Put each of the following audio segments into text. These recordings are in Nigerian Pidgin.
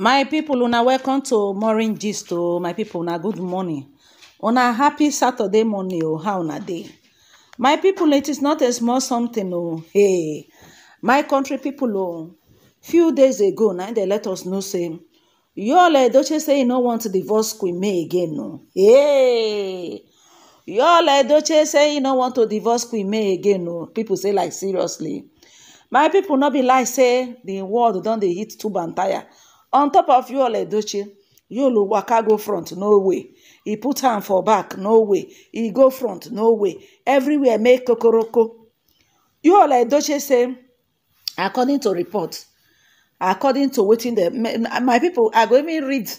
my people una welcome to morning gist to oh, my people una good morning una happy saturday morning Oh how na day, my people it is not a small something Oh hey my country people Oh, few days ago na they let us know say y'all don't you say you no want to divorce queen may again Oh hey don't you say you no want to divorce queen may again Oh people say like seriously my people not be lie say the world don they hit tube and tire on top of Yul Edochie, Yul waka go front, no way. He put hand for back, no way. He go front, no way. Everywhere make kokoroko. Yul Edochie say, according to report, according to waiting the my people are going to read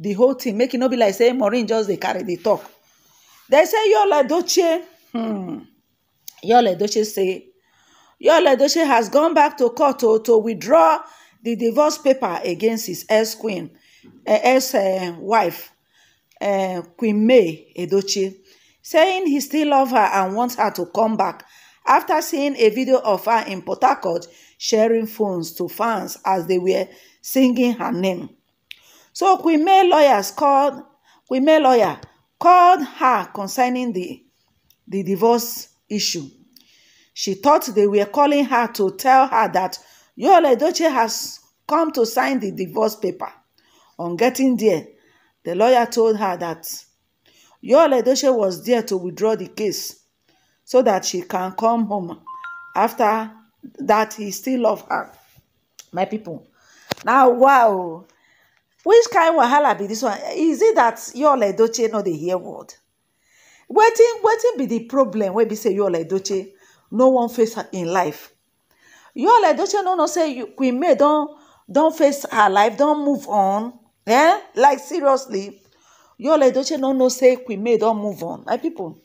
the whole thing make e no be like say maureen just they carry the talk They say yul edochie hmm yul edochie say yul edochie has gone back to court to to withdraw the divorce paper against his ex-queen, uh, eh, ex-wife, eh, uh, eh, Queen May Edochie, saying he still loves her and wants her to come back after seeing a video of her in Port Harcourt sharing phones to fans as they were singing her name. So Queen May lawyers called Queen May lawyer called her concerning the, the divorce issue. She thought they were calling her to tell her that Yul Edochie has come to sign the divorce paper. On getting there, the lawyer told her that Yul Edochie was there to withdraw the case so that she can come home after that he still love her. My people. Now, wow. Which kind of wahala be this one? Is it that Yul Edochie no the hear word? Waiting, waiting be the problem Where we say Yul Edochie no one face in life? all like don't you know say queen may don face her life don move on eh like seriously you all like don't you know say queen may don move on my people,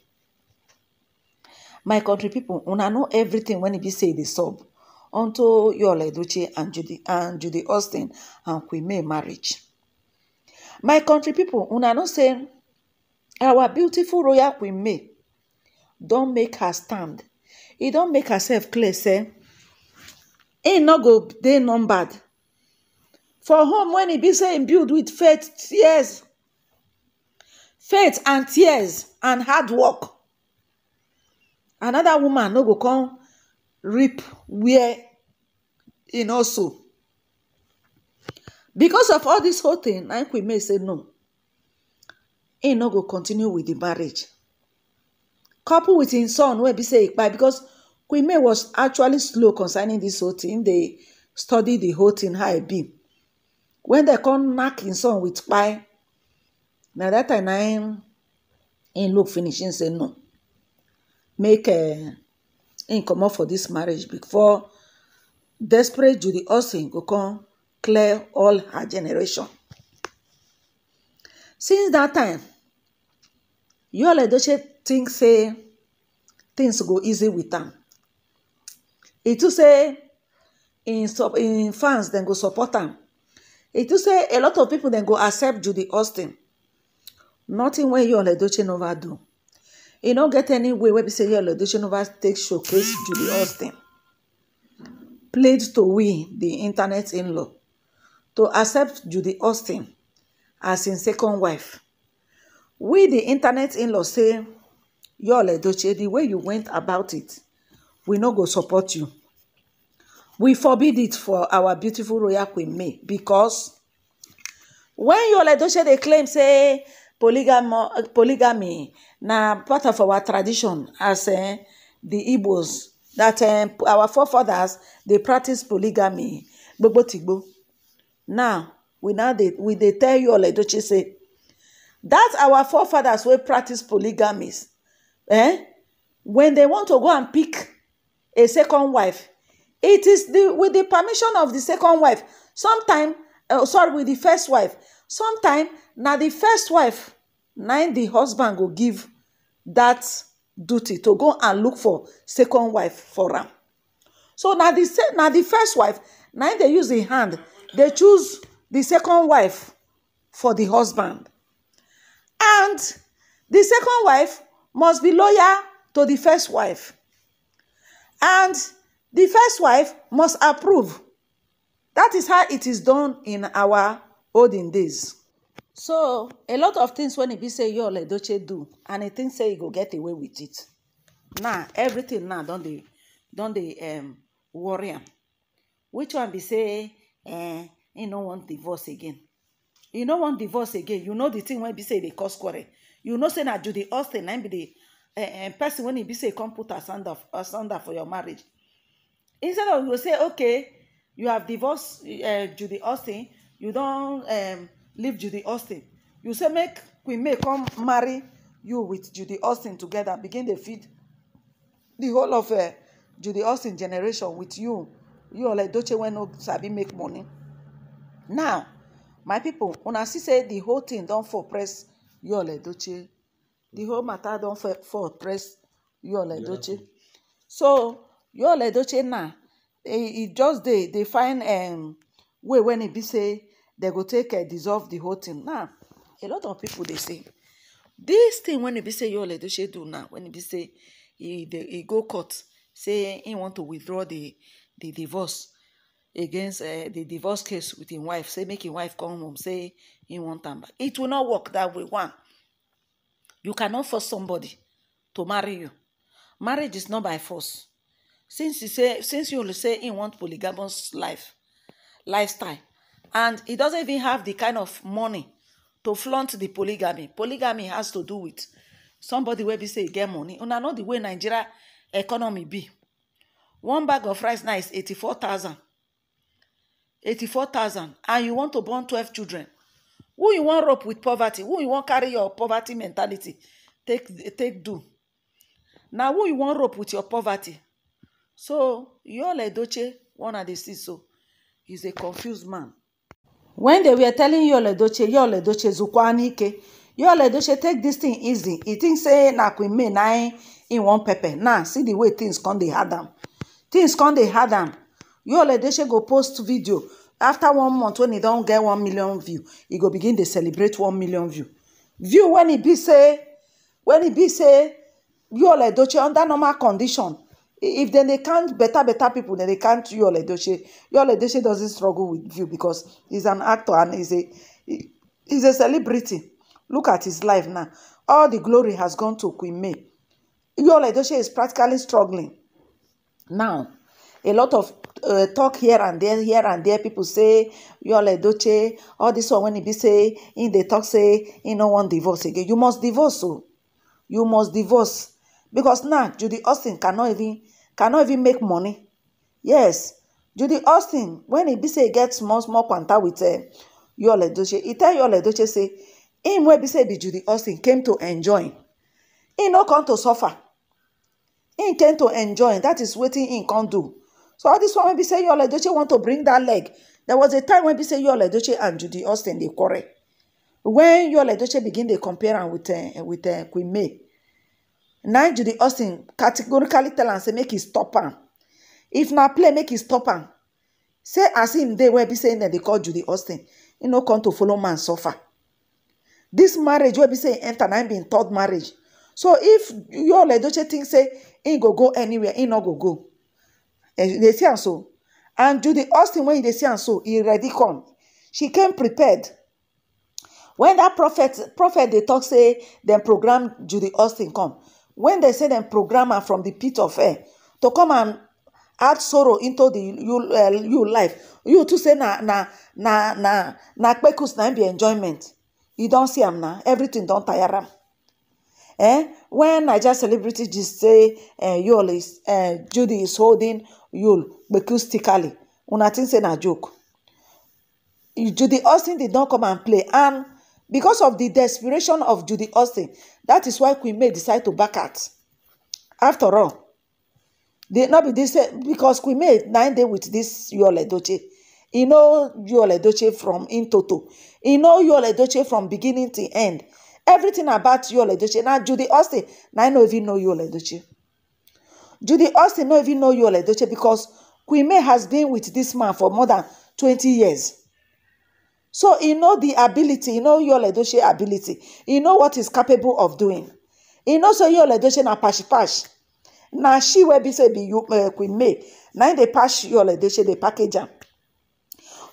my country people, una know everything when e be say e dey sub unto Yul Edochie and Judy and Judy Austin and Queen May marriage. My country people, una know say our beautiful royal Queen May don't make her stand. don't make herself clear say im no go dey numbered for home when e be say im build with faith tears faith and tears and hard work another woman no go come reap where e no sow because of all this whole thing I im may say no He no go continue with the marriage couple with his son wey be say e kpai because Queen May was actually slow concerning this whole thing. They studied the whole thing how e be. When they come knocking, im son with pie. Now that time na im im look finishing say no. Make a im up for this marriage before desperate Judy Austin go come clear all her generation. Since that time, Yul Edochie think say things go easy with them e too say im im fans dem go support am e too say a lot of people dem go accept judy austin nothing wey yul edochie nova do e no get any way wey be say yul edochie nova take showcase judy austin played to we the internet in law to accept judy austin as im second wife we the internet in law say yul edochie the way you went about it we no go support you we forbid it for our beautiful royal queen may because when yoledoche they claim say polygamy na part of our tradition as eh, the igbos that eh, our forefathers they practice polygamy gbogbotigbo now we now we they tell you oledoche say that our forefathers will practice polygamies eh when they want to go and pick a second wife it is the with the permission of the second wife Sometimes, uh, sorry with the first wife Sometimes, now the first wife now the husband will give that duty to go and look for second wife for am so now the now the first wife now they use im hand They choose the second wife for the husband and the second wife must be loyal to the first wife and the first wife must approve. That is how it is done in our olden days. So a lot of things when it e be say Yul Edochie do, and he think say he go get away with it. Now nah, everything now nah, don't they, don't they um, worry am. Which one be say eh, You e no want divorce again? You e no want divorce again. You know the thing when be say they cause quarrel. You know say na Judy Austin na be the uh, person when he be say come put a a asunder for your marriage instead of you say okay you have divorced uh, judy austin you don um, leave judy austin you say make queen may come marry you with judy austin together begin dey feed the whole of uh, judy austin generation with you you like doche wey no sabi make money now my people una see say the whole thing don for press you like doche the whole matter do don fall press yul edoche so yul edoche now it just they they find um, way when e be say they go take eh, dissolve the whole thing now a lot of people they say this thing when it be say yul edoche do now when it be say he go court say he want to withdraw the the divorce against eh, the divorce case with his wife say make his wife come home say he want am back it will not work that way one You cannot force somebody to marry you. Marriage is not by force. Since you say, since you say he want polygamous life, lifestyle, and he doesn't even have the kind of money to flaunt the polygamy. Polygamy has to do with somebody where we say get money. Una know the way Nigeria economy be. One bag of rice now is eighty-four thousand. Eighty-four thousand, and you want to born twelve children who you want rope with poverty who you want carry your poverty mentality take take do Now who you want rope with your poverty so yul edoche one of the see so is a confused man. when they were telling yul edoche yul edoche zukwanike, n'ike yul edoche take this thing easy He thinks say na queen may in one wan pepper now see the way things come they had them. things come they had them. yul edoche go post video after one month when don't get one million view he go begin to celebrate one million view view when he be say when he be say yul edoche under normal condition if can't better count beta beta pipo dem dey count yul edoche yul edoche doesn't struggle with view because he's an actor and he's a he's a celebrity look at his life now all the glory has gone to queen may yul edoche is practically struggling now a lot of uh, talk here and there here and there people say you are yole doche all this one when he be say in the talk say he no want divorce again you must divorce oh. you must divorce because now judy austin cannot even cannot even make money yes judy austin When he be say get small small kwanta with eh, are yole doche He tell yole doche say im wey be say be judy austin came to enjoy He no come to suffer He came to enjoy that is what he can do So all this one when Bise Yul Edochie want to bring that leg. There was a time when say, Yul Edochie and Judy Austin they quarrel. When Yul Edochie begin dey compare and with uh, with uh, Queen May, na Judy Austin categorically tell and say make he stop am. If na play, make he stop am. Say as him they wey be saying that they call Judy Austin, e no come to follow man suffer. This marriage wey be saying enter na im be im third marriage. So if Yul Edochie think say "He go go anywhere, he no go go. they say and so. And Judy Austin, when they say and so, he ready come. She came prepared. When that prophet, prophet they talk say, then program Judy Austin come. When they say them programmer from the pit of air to come and add sorrow into the you, uh, you life, you to say na na na na na kpekus na be enjoyment. You don't see am now. Everything don't tire am. Eh? When Niger celebrity just say uh, eh, Yul is, uh, Judy is holding Yul acoustically, una think say na joke. Judy Austin did not come and play. And because of the desperation of Judy Austin, that is why Queen May decide to back out. After all, they not be this because Queen May nine day with this Yul Edochie. you know Yul Edochie from in total, you know Yul Edochie from beginning to end. Everything about you, Oledoche. Now, Judy Austin, now I know if you know you, Oledoche. Judy Austin know if you know you, Oledoche, because Queen May has been with this man for more than 20 years. So you know the ability, you know your Ledoche ability, you know what is capable of doing. You know so your Ledoche na pash pash. Now she will be say be you uh, Queen May. Now they pass your Ledoche they package am.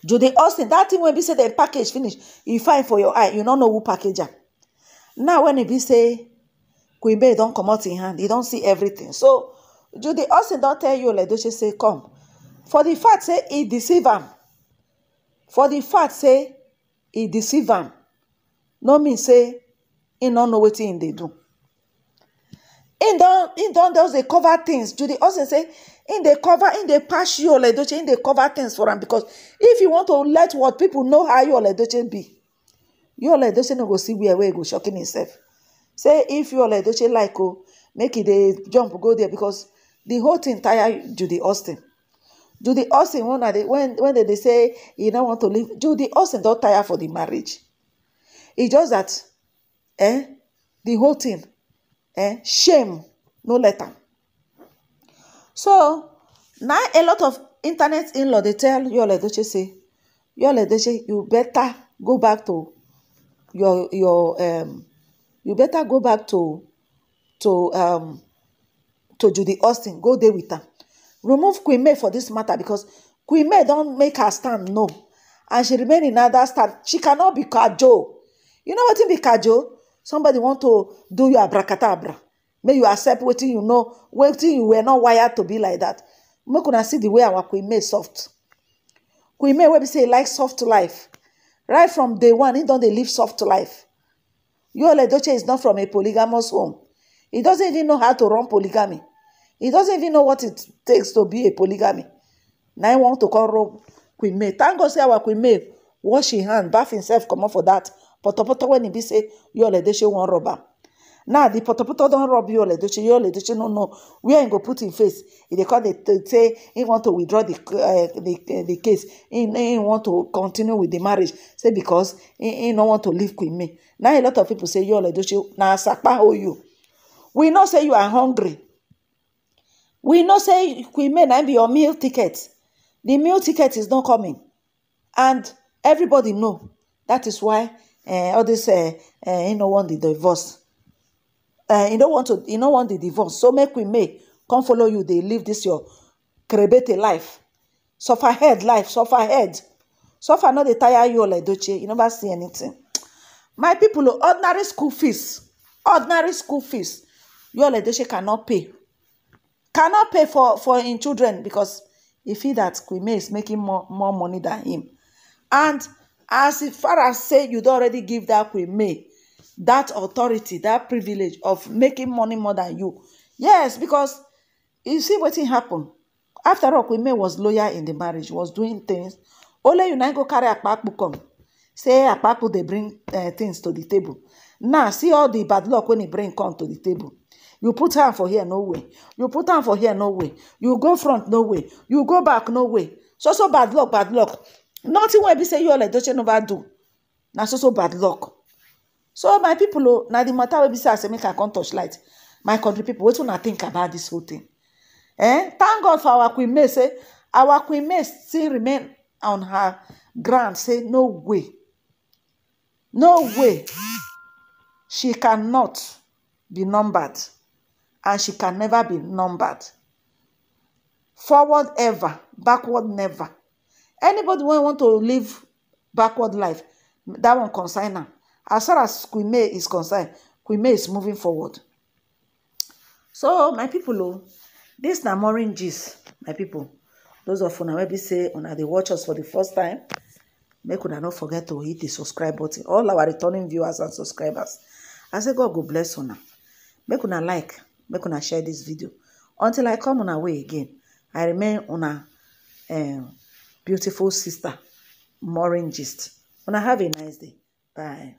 Judy Austin, that thing will be say the package finish. You find for your eye, you don't know who package am. now when e be say queen bey don comot im hand e don see everything so judy austin don tell you. yul edoche say come for the fact say he deceive am for the fact say he deceive am no mean say he no know wetin he dey do im don don' just dey cover things judy austin say im dey cover im dey pass yul edoche im dey cover things for am because if you want to let what people know how you yul edoche be you ola edoche no go see where wey go shocking himself say if you ola edoche like o oh, make e dey jump go there because the whole thing tire judy austin judy austin when wen dem dey say e no want to leave judy austin don tire for the marriage e just that eh the whole thing eh shame no let am so now a lot of internet in law dey tell yul edoche say yul edoche you better go back to your your um you better go back to to um to Judy Austin go there with her. remove Queen May for this matter because Queen May not make her stand no and she remain in another stand she cannot be cajo. you know what wetin be cajo? somebody want to do you abracadabra May you accept wetin you know wetin you were not wired to be like that make una see the way our Queen May soft Queen May wey say like soft life right from day one he don't. dey live soft life yul doche is not from a polygamous home he doesn't even know how to run polygamy he doesn't even know what it takes to be a polygamy Now him want to call rob queen may thank god say our queen may wash his hand bath himself Come comot for that. But wen e be say yul edoche wan rob am now di potopoto not rob you, yole you, yole edoche no know where im go put in face e dey call say he want to withdraw the uh, uh, case he want to continue with the marriage say because he he no want to leave with me. now a lot of people say yole Now, na asapa you we know say you are hungry we know say queen may now be your meal ticket The meal ticket is not coming and everybody know that is why eh, all this you eh, eh, no want the divorce uh, you don't want to you don't want the divorce so make we make come follow you They live this your crebete life suffer head life suffer head suffer Not the tire you like doche you never see anything my people ordinary school fees ordinary school fees your Doche cannot pay cannot pay for for in children because if he that Kwime is making more more money than him and as far as say you already give that me that authority, that privilege of making money more than you. Yes, because you see what happened. After all, me was lawyer in the marriage, was doing things. Only you now go carry Akpaku come. Say Akpaku, they bring uh, things to the table. Now, see all the bad luck when he bring come to the table. You put her for here, no way. You put her for here, no way. You go front, no way. You go back, no way. So, so bad luck, bad luck. Nothing will be say you all like, don't you never do. Now, so, so bad luck so my people, oh, na di matter wey be say i say make i come touch light my country people. What do not think about this whole thing eh thank god for our queen may say our queen may still remain on her ground say no way no way she cannot be numbered and she can never be numbered forward ever backward never anybody who want to live backward life that one consign her. As far as Kwime is concerned, Kwime is moving forward. So, my people, oh, this is Maureen gist, my people. Those of you wey be say una dey watch us for the first time, make una not forget to hit the subscribe button. All our returning viewers and subscribers, I say God go bless una. Make una like, make una share this video. Until I come una way again, I remain una um, beautiful sister, Maureen gist. Una have a nice day. Bye.